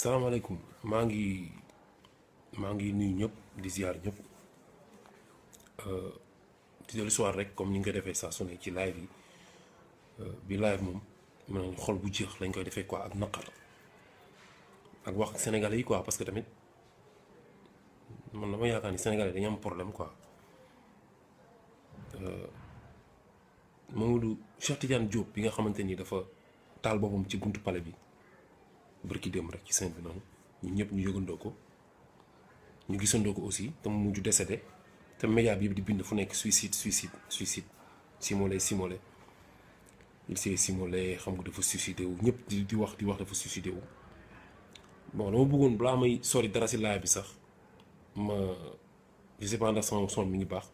salaamaaleykum maa ngi maa ngi nuyu ñëpp di ziar ñëpp euh, di dellu soir rek comme ni nga ko defee saa su ci live yi euh, bi live moom mën nañu xol bu jeex lañ koy defee quoi ak naqar ak wax ak sénégalais yi quoi parce que tamit man dama yaakaar ni sénégalais dañu am problème quoi euh, Mamadou du Tidiane Diop bi nga xamante ni dafa taal boppam ci buntu pale bi. barki dem rek ci scène bi noonu ñun ñëpp ñu yëgandoo ñu gisandoo aussi te mu mujj décédé te média bi di bind fu nek suicide suicide suicide simolé simolé il s'est simolé xam nga dafa suicidé wu ñep di di wax di wax dafa suicidé wu bon dama bëggoon balaa may sori dara ci laaj bi sax ma je sais pas ndax sama son mi ngi baax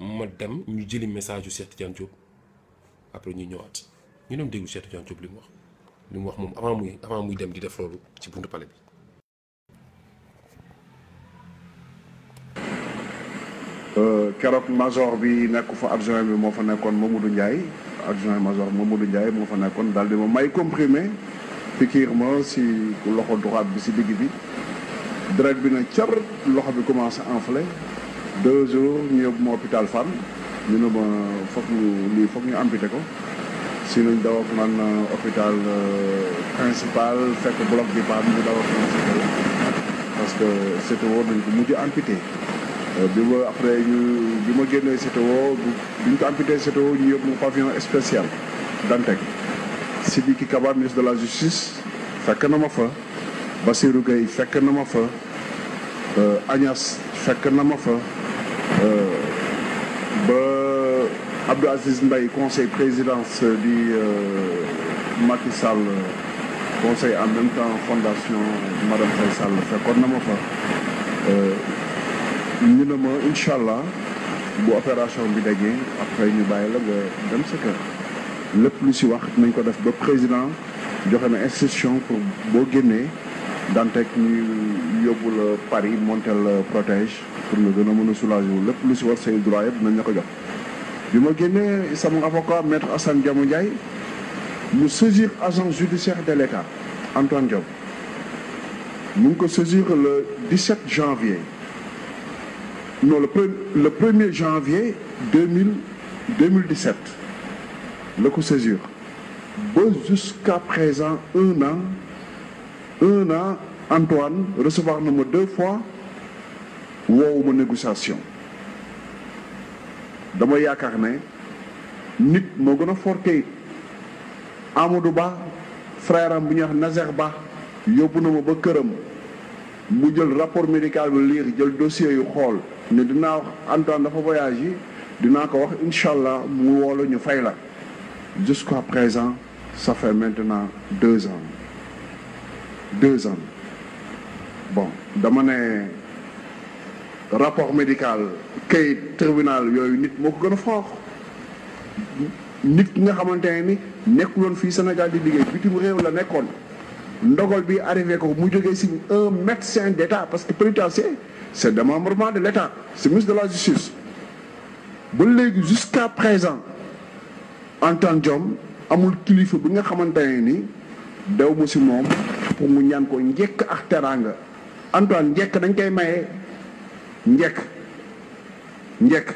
ma dem ñu jëli message yu Cheikh Tidiane Diop après ñu ñëwaat ñu ñom déggu Cheikh Tidiane Diop li mu wax li wax mom avant muy avant muy dem di def loolu ci buntu palais bi. euh keroog major bi nekk fa adjoint bi mo fa nekkoon Mamadou ndjay adjoint major Mamadou ndjay mo fa nekkoon daal di ma may comprimé pikiir ma si loxo droite bi si digg bi direct bi na car loxo bi commencé enflé deux jours ñu yob mo hôpital femme ñu ne ma foog ñu lii foog ñu amputé ko si nuñ daw ak man euh, hôpital euh, principal fekk bloc bi baax mu daw ak man si parce que CTO dañ bu mujj amputé euh, bi ma après bi ma génnee CTO bi ñu ko amputé CTO ñu yóbbu pavillon spécial Dantec Sidiki Kaba ministre de la justice fekk na ma fa Bassirou Gueye fekk na ma fa Agnès fekk na ma fa Abdelaziz Mbaye conseil présidence du euh, Macky Sall conseil en même temps fondation Madame Mme Sall fekkoon na ma Nous euh, allons, ne pour l'opération bu après nous, bàyyi la le dem Le plus lépp lu si wax def ba président joxe na pour boo dans dantek ñu yóbbu Paris montel protège pour nous donner un soulagement. Le soulager wu c'est le droit de nañ me ma génnee mon avocat maître Hassan Diamou nous saisir agent judiciaire de l'État Antoine Diop Nous nous saisir le 17 janvier non le le er janvier 2017 le ko saisir jusqu'à présent un an un an Antoine recevoir nous deux fois à ma négociation dama yaakaar ne nit moo gën a fort Amadou Ba frère am bu ñuy wax Nazer Ba yóbbu na ma ba këram mu jël rapport médical bi liir jël dossier yu xool ne dinaa wax Antoine dafa voyage yi dinaa ko wax incha allah mu woolu ñu fay la jusqu'à présent ça fait maintenant deux ans deux ans bon dama ne rapport médical ke tribunal yooyu nit moko gëna gën nit nga xamantene ni nekku won fi Sénégal di liggéey bitim réew la nekkon ndogol bi arrivé ko mu joggé ci un médecin d'état parce que pénitencier c'est est démembrement de l'état c'est ministre de la justice ba légui jusqu'à présent en tant jom amul kilifa bi nga xamantene ni daw mo ci mom pour mu ñaan ko ñek ak teranga Antoine ñek dañ koy maye njekk njekk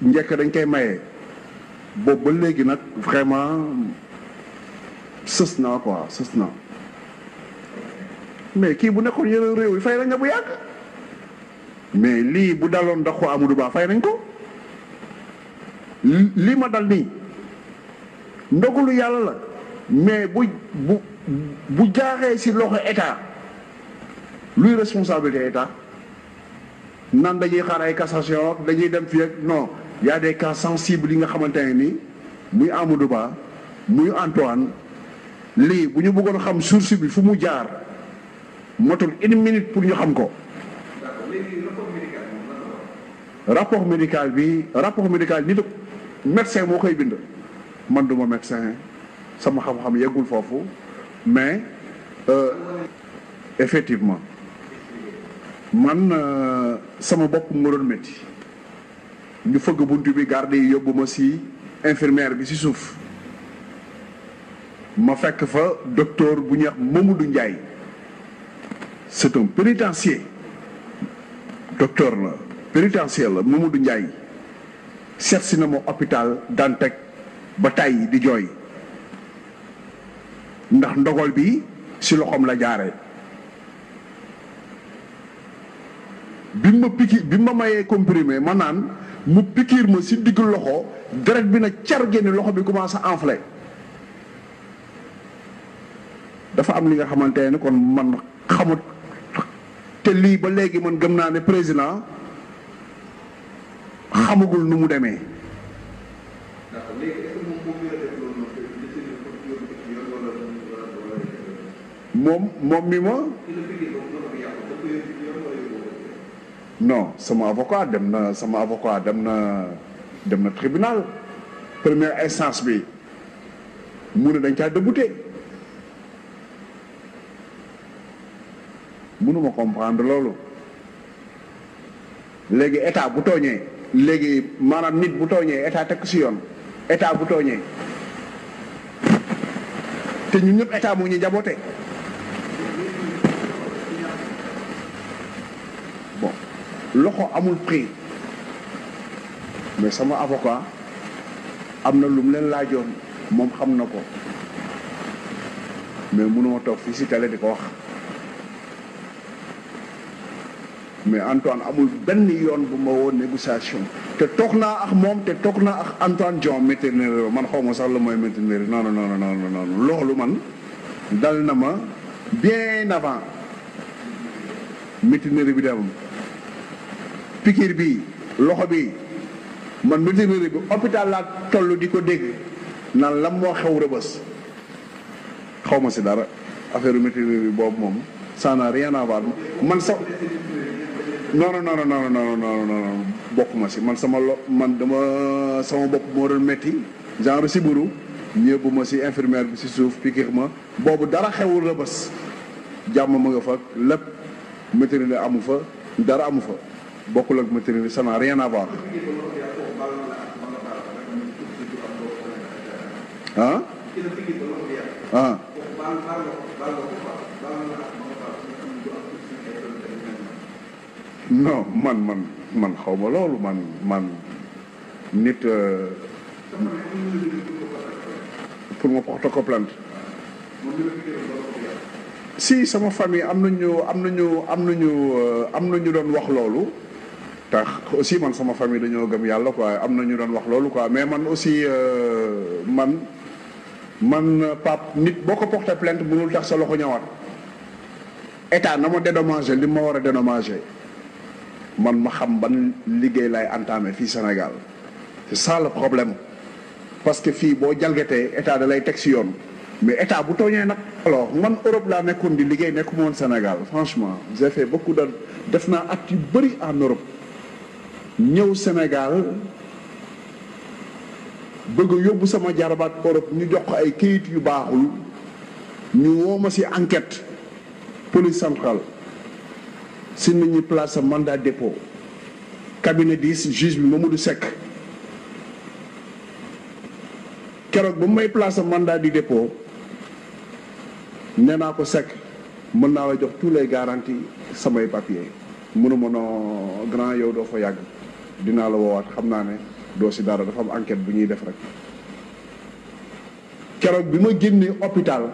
njekk dañ koy maye boobu ba léegi nag vraiment sës naa ko sës na mais kii bu nekkoon yeneen réew yi fay nañ bu yàgg mais lii bu daloon ndax ko Amadou Ba fay nañ ko lii ma dal nii ndogalu yàlla la mais bu bu bu jaaxee si loxo état. Lui responsabilité état nan dañuy xaar ay cassation dañuy dem fi ak non y a des cas sensibles yi nga xamantene ni muy amadou ba muy antoine li bu ñu bëggoon xam source bi fu mu jaar motul une minute pour ñu xam ko rapport médical bi rapport médical nit médecin moo koy bind man duma médecin sama xam-xam yeggul foofu mais euh, effectivement man euh, sama bopp mu doon métti ñu fëgg bunt bi garde yi yóbbu si infirmière bi si suuf ma fekk fa docteur bu ñeex wax Mamadou Ndiaye c'est un pénitencier docteur la pénitencier la Mamadou Ndiaye seet si na ma hôpital teg ba tàyyi di jooy ndax ndogal bi si loxoom la jaare bi ma pikiir bi ma mayee comprimé ma naan mu pikiir ma si digg loxo deret bi na car génne loxo bi commencé enflé dafa am li nga xamante ne kon man xamut te lii ba léegi man gëm naa ne président xamagul nu mu demee. moom moom mi ma. non sama avocat dem na sama avocat dem na dem na tribunal première instance bi mu ne dañ caa débouté mënuma comprendre loolu léegi état bu tooñee léegi maanaam nit bu tooñee état teg si yoon état bu tooñee te ñun ñëpp état moo ñu jaboote loxo amul prix mais sama avocat am na lu mu leen laajoon moom xam na ko mais mënuma toog fii si télé di ko wax mais Antoine amul benn yoon bu ma woo négociation te toog naa ak moom te toog naa ak Antoine Diome météo man xaw ma sax la mooy météo non non non non non loolu man dal na ma bien avant météo bi dem. pikiir bi loxo bi man mu demee bi hôpital laa toll di ko dégg naan lan moo xew rëbës xaw ma si dara affaire météo boobu moom ça rien à voir man sa non non non non non non si man sama lo man dama sama bopp moo doon métti genre si buru ñëbbu ma si infirmière bi si suuf pikiir ma boobu dara xewul rëbës jàmm ma nga fa lépp météo amu fa dara amu fa. bokul ak matériel ça n'a rien à voir ah ah non man man man xawma lolou man man nit euh, pour ma porte ko si sama famille am nañu am nañu am nañu euh, am nañu wax lolou tax aussi man sama famille dañoo gëm yàlla quoi am na ñu doon wax loolu quoi mais man aussi euh, man man pap nit boo ko porté plainte mënul tax sa loxo ñëwaat état na ma dédommagé li ma war a dédommagé man ma xam ban liggéey lay entamé fii Sénégal c'est ça le problème parce que fii boo état da lay teg si yoon mais état bu tooñee nag alors man Europe laa nekkoon di liggéey nekkuma woon Sénégal franchement j'ai fait beaucoup de def naa at yu bëri en Europe ñëw Sénégal bëgg yóbbu sama jarabaat Europe ñu jox ko ay kayit yu baaxul ñu woo ma ci enquête police centrale si nit ñi place sa mandat dépôt cabinet 10 juge bi Mamadou sekk keroog ba mu may place sa mandat di dépôt nee naa ko Seck mën naa la jox tous les garanties samay papiers mënuma noo grand yow doo fa yàgg dinaa la woowaat xam naa ne doo si dara dafa enquete bu ñuy def rek keroog bi ma génnee hôpital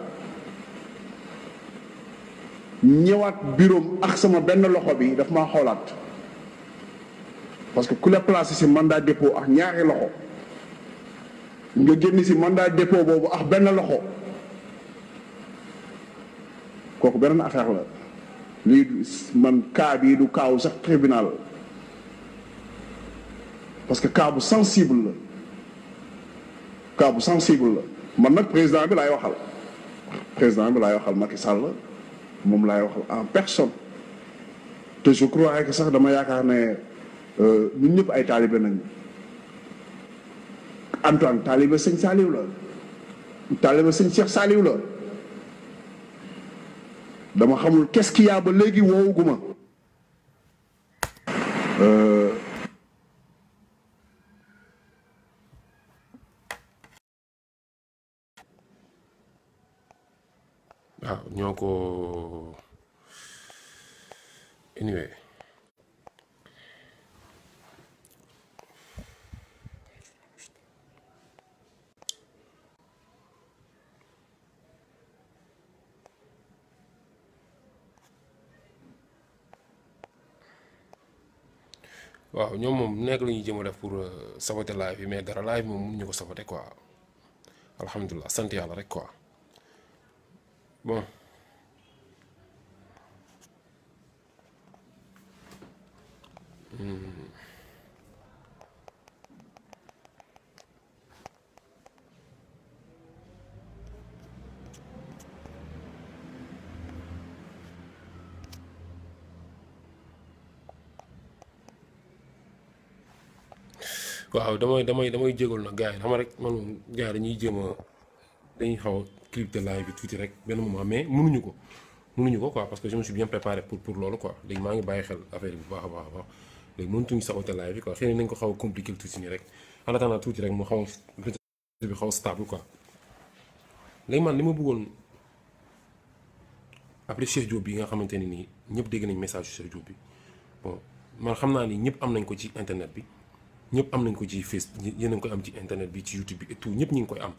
ñëwaat bureau ak sama benn loxo bi daf maa xoolaat parce que ku la placé si daa dépôt ak ñaari loxo nga génn si daa dépôt boobu ak benn loxo kooku beneen affaire la lii man cas bii du kaaw sax tribunal parce que cas sensible la cas sensible la man le président bi lay waxal président bi lay waxal Macky Sall mom lay waxal en personne te je crois que sax dama que euh ñun ay talibé Antoine Seigne salés? la Seigne Cheikh salés? la dama xamul qu'est-ce qu'il y a ba Euh, waaw ah, ñoo anyway waaw ñoom moom nekk la ñuy jëm a def pour euh, saboter live yi mais dara live moom mënuñu ko saboter quoi alhamdulilah sant yàlla rek quoi Bon. Mmh. waaw damay damay damay jégalu nag gars yi xam rek man moom gars yi dañuy jéem a dañuy xaw clip de live tout direct rek au moment mais mënuñu ko mënuñu ko quoi parce que je me suis bien préparé pour pour lolo quoi les mangues ngi avec xel affaire bi bu baax a baax live quoi rien n'est nañ xaw compliqué tout direct rek en attendant tout rek mon xaw a bi xaw stable quoi les man les mots après chef Diop bi nga xamante ni nii ñëpp dégg nañ message chef Diop bi bon man xam ni ñëpp am nañ ko ci internet bi ñëpp am nañ ko ci Facebook ni a ngi côté am ci internet bi ci YouTube bi et tout ñëpp ñu koy am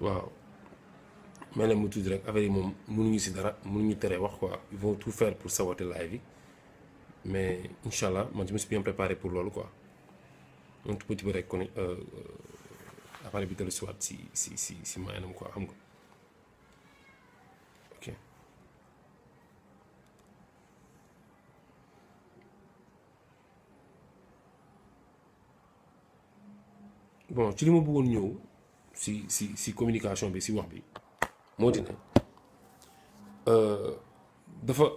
waaw mais nag mu tudd rek affaire yi moom mënuñu si dara mënuñu tere wax quoi ils vont tout faire pour saboter live yi mais incha allah man je me suis bien préparé pour loolu quoi un tout petit peu rek kon euh, euh, appareil bi dellu si waat si si si si maanaam quoi xam nga ok. bon ci li ma bëggoon ñëw. si si si communication bi si wax bi moo di ne euh, dafa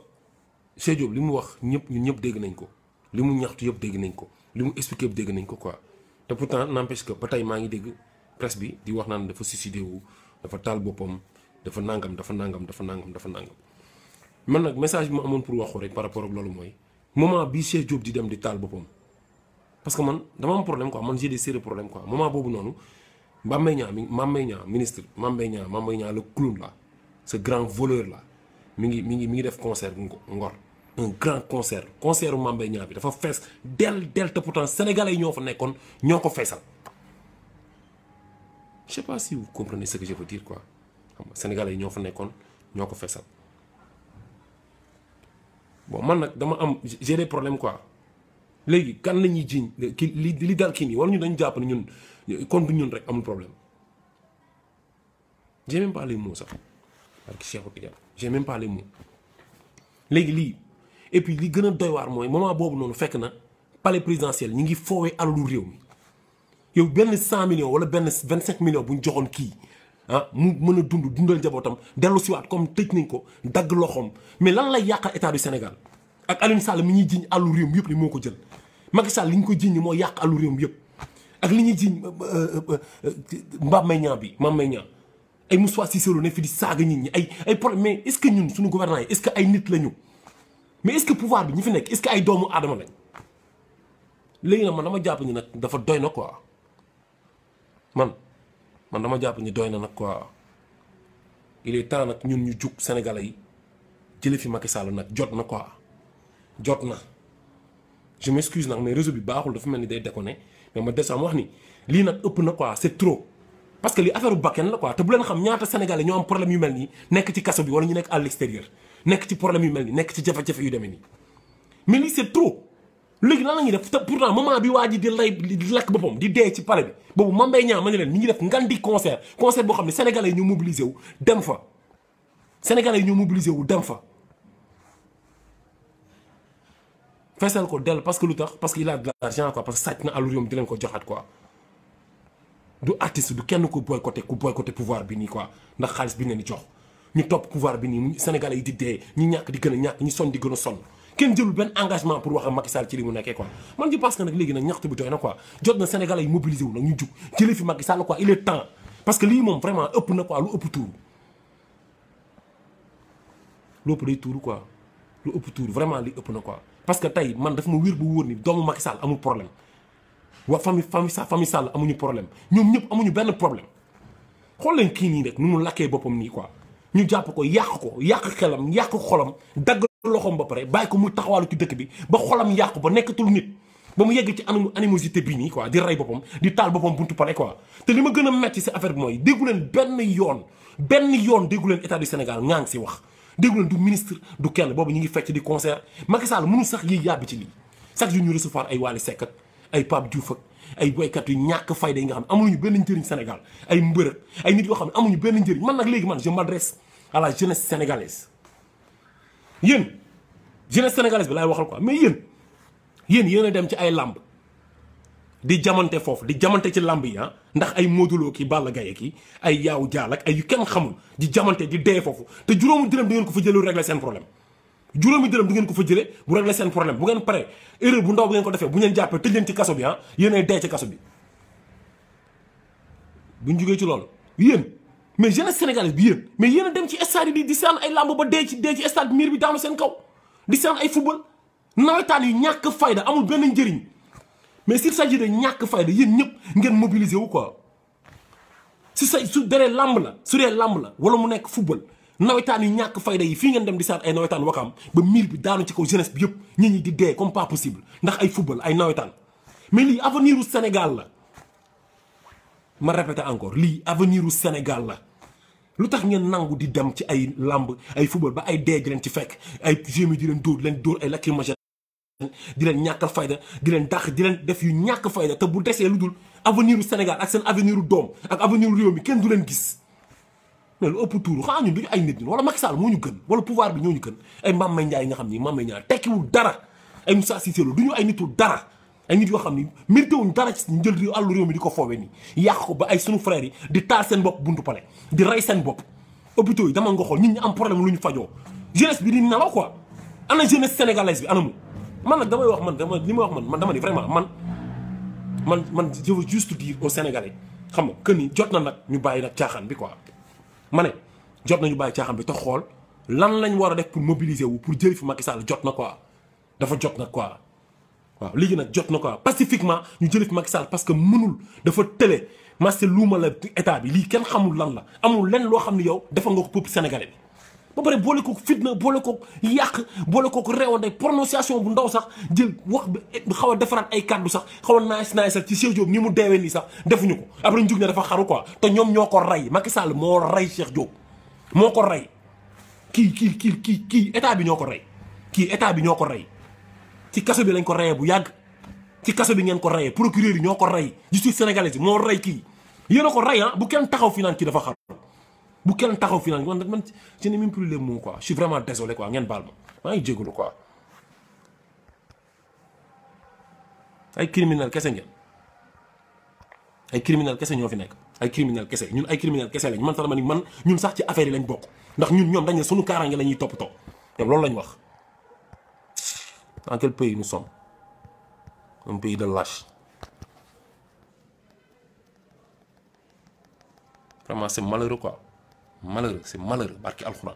Cheikh Diop li mu wax ñëpp ñun ñëpp dégg nañ ko li mu ñaxtu yëpp dégg nañ ko li mu expliqué yëpp dégg nañ ko quoi te pourtant n'empêche que ba tey maa ngi dégg presse bi di wax naan dafa suicidé wu dafa taal boppam dafa nangam dafa nangam dafa nangam dafa nangam man nag message bi ma amoon pour waxu rek par rapport loolu mooy moment bii Cheikh Diop di dem di taal boppam parce que man dama am problème quoi man j'ai des sérieux problème quoi moment boobu noonu. Mame Mbaye ministre Mame Mbaye le clown là ce grand voleur là mingi, mingi, mingi ngi def concert Ngor un grand concert concert Mame Mbaye Niang bi dafa del del te pourtant sénégalais ñoo fa nekkoon ñoo ko feesal je sais pas si vous comprenez ce que je veux dire quoi xam nga sénégalais ñoo fa nekkoon ñoo ko feesal bon man dama am j'ai des problèmes quoi léegi kan la jign li li dal ki nii wala ñu dañu japp ñun kon du ñun rek amul problème j'ai même pas les mots ça parce que Cheikh Tidiane j'ai même pas les mots léegi lii et puis li gëna a doy waar mooy moment boobu noonu fekk na palais présidentiel ñi ngi fowé alu réew mi yow ben 100 millions wala ben 25 millions buñ joxone ki han ah, mu mën dund dundal delu ci wat comme tëj nañ ko dag loxom mais lan lay yàqal état du Sénégal ak Alioune Sall mi ñi jign alu réew mi yëpp ni moo jël Macky Sall li ñu ko jiiñ moo yàq alu réew yëpp ak li ñuy jiiñ euh, euh, euh, mbaam Mbaye Niang bi Mame Mbaye Niang ay Moussa Cissé Lô ne fi di saaga nit ñi ay ay problème mais est que ñun suñu gouvernement yi est que ay nit la ñu mais est-ce que pouvoir bi ñu fi nekk est ay doomu aadama lañ léegi nag man dama jàpp ni nag dafa doy na quoi man man dama jàpp ni doy na nag quoi il est temps nag ñun ñu jug Sénégalais yi jële fi Macky Sall nag jot na quoi jot na. je m'excuse nag mais réseau bi baaxul dafa mel ni day déconné mais ma desam wax ni li nak ëpp na quoi c'est trop parce que li affaire bu bakken la quoi te bu len xam ñaata sénégalais ñoo am problème yu melni nek ci kaso bi wala ñu nek à l'extérieur nek ci problème yu melni nek ci jafa jafa yu demee ni mais li c'est trop léegi lan la ñi def te pourtant moment bi waji di lay di lakk bopom di dé ci pale bi bobu Mame Mbaye Niang ma ne leen mi ngi def ngandi concert concert bo xamni sénégalais ñu ñoo mobilisé wu dem fa sénégalais ñu ñoo mobilisé wu dem fa feesal ko dell parce que lu parce qu'il a de l'argent quoi parce que sàcc na alur yoom di leen ko joxaat quoi du artiste du kenn ku boycotté ku boycotté pouvoir bini quoi ndax xaalis bi ne ni jox ñu topp pouvoir bi nii Sénégalais yi di dee ñu ñàkk di gën a ñàkk ñu sonn di gën a sonn kenn jëlul benn engagement pour wax ak Macky Sall ci li mu quoi man je pense que nag léegi nag ñaxtu bi doy na quoi jot na Sénégalais yi mobilisé wu nag ñu jug jëlee fi Macky Sall quoi il est temps parce que lii moom vraiment ëpp na quoi lu ëpp tuuru lu ëpp day quoi lu ëpp tuuru vraiment lii ëpp na quoi parce que tey man daf ma wér bu wóor ni doomu Macky Sall amul problème waa famille famille famille Sall amuñu problème ñoom ñëpp amuñu benn problème xool leen kii nii rek nu mu lakkee boppam nii quoi ñu jàpp ko yàq ko yàq xelam yàq xolam dagg loxoom ba pare bàyyi ko mu taxawaalu ci dëkk bi ba xolam yàqu ba nekkatul nit ba mu yegg ci anim animosité bii nii quoi di rey boppam di taal boppam buntu pare quoi te li ma gën a metti si affaire bi mooy déggu benn yoon benn yoon déggu leen Sénégal ñaa ngi si wax. déglu du ministre du kenn bobu ñi ngi fecc di concert Macky Sall mënu sax yi yab ci li sax jour ñu recevoir ay walé sék ak ay pap Diouf ak ay boykat yu ñak fayda yi nga xam amuñu benn njëriñ Sénégal ay mbeur ay nit yo xam amuñu benn njëriñ man nak légui man je m'adresse à la jeunesse sénégalaise yeen jeunesse sénégalaise bi lay waxal quoi mais yeen yeen yéen dem ci ay lamb di jamante foofu di jamante ci làmb yi ah ndax ay Modou Lo ki Balla Gaye ki ay yaaw jaal ak ay kenn xamul di jamante di dee foofu te juróomi dërëm di ngeen ko fa jëlee régler seen problème juróomi dërëm di ngeen ko fa jëlee bu régler seen problème bu ngeen pare erreur bu ndaw bu ngeen ko defee bu ngeen jàppee tëj leen ci kaso bi ah yéenay dee ci kaso bi buñ jugee ci loolu yéen mais jeunesse sénégalaise bi yéen mais yéen a dem ci stade yi di saan ay làmb ba dee ci dee ci stade miir bi daanu seen kaw di saan ay football nawetaan yu ñàkk fayda amul benn njëriñ mais s'il s'agit de ñàkk fayda yéen ñëpp ngeen mobiliser wu quoi si sa su dere lamb la su dere lamb la wala mu nekk football nawetaan yu ñàkk fayda yi fi ngeen dem di saat ay nawetaan wakam ba mil bi daanu ci kaw jeunesse bi yëpp ñi di dee comme pas possible ndax ay football ay nawetaan mais li avenir u Sénégal la ma répété encore li avenir u Sénégal la lu ngeen nangu di dem ci ay lamb ay football ba ay dee di len ci fek ay gémi di len dóor len dóor ay lacrymogène di leen ñàkkal fayda di leen dàq di leen def yu ñàkk fayda te bu desee lu dul avenir u Sénégal ak seen avenir u doom ak avenir u réew mi kenn du leen gis mais lu ëpp tuuru xanaa ay nit wala Macky Sall moo ñu gën wala pouvoir bi ñoo ñu gën ay Mame Mbaye Ndiaye nga xam ni Mame Mbaye Ndiaye tekkiwul dara ay Moussa Cissé Lo du ñu ay nitu dara ay nit yoo xam ni mérité dara ci ñu jël réew àllu réew mi di ko foowe nii yàq ko ba ay sunu frères di taal seen bopp buntu pale di rey seen bopp hôpitaux yi dama nga xool nit ñi am problème lu ñu fajoo jeunesse bi di nelaw quoi ana jeunesse sénégalaise bi anamu man damay wax man dama wax man man man je juste dire aux Sénégalais xam nga que ni jotna nak ñu bayina bi quoi. mané jotna ñu bi pour mobiliser wu pour Macky Sall quoi dafa quoi. waaw pacifiquement ñu Macky parce que mënul dafa télé. masse nous la état bi li kenn xamul lan la amul lenn lo xamni yow sénégalais ba pare boole kook fitna boole kook yàq boole kook réewante prononciation bu ndaw sax jël wax eh, bi xaw a defaraat ay kàddu sax xaw a naaj naaj sax ci Cheikh Diop ni mu deewee nii sax defuñu ko après ñu jug ne dafa xaru quoi te ñoom ñoo ko rey Macky Sall moo rey Cheikh Diop moo ko rey kii kii kii kii kii état bi ñoo ko rey kii état bi ñoo ko rey ci kaso bi lañ ko reyee bu yàgg ci kaso bi ngeen ko reyee procureur yi ñoo ko rey justice sénégalaise moo rey kii yéen ko rey ah bu kenn taxaw fi naan kii dafa xaru Si je n'ai même plus les mots quoi je suis vraiment désolé quoi suis de ma maa quoi. ay criminel kese ay criminel qu'il ñoo fi ay criminel kese ñun ay criminel qu'est-ce lañ man a man ñun sax ci affaire yi lañ bokk ndax ñun dañ ne les top top lañ dans quel pays nous sommes un pays de lâche vraiment c'est malheureux quoi. malheureux c'est malheureux barki alxuraan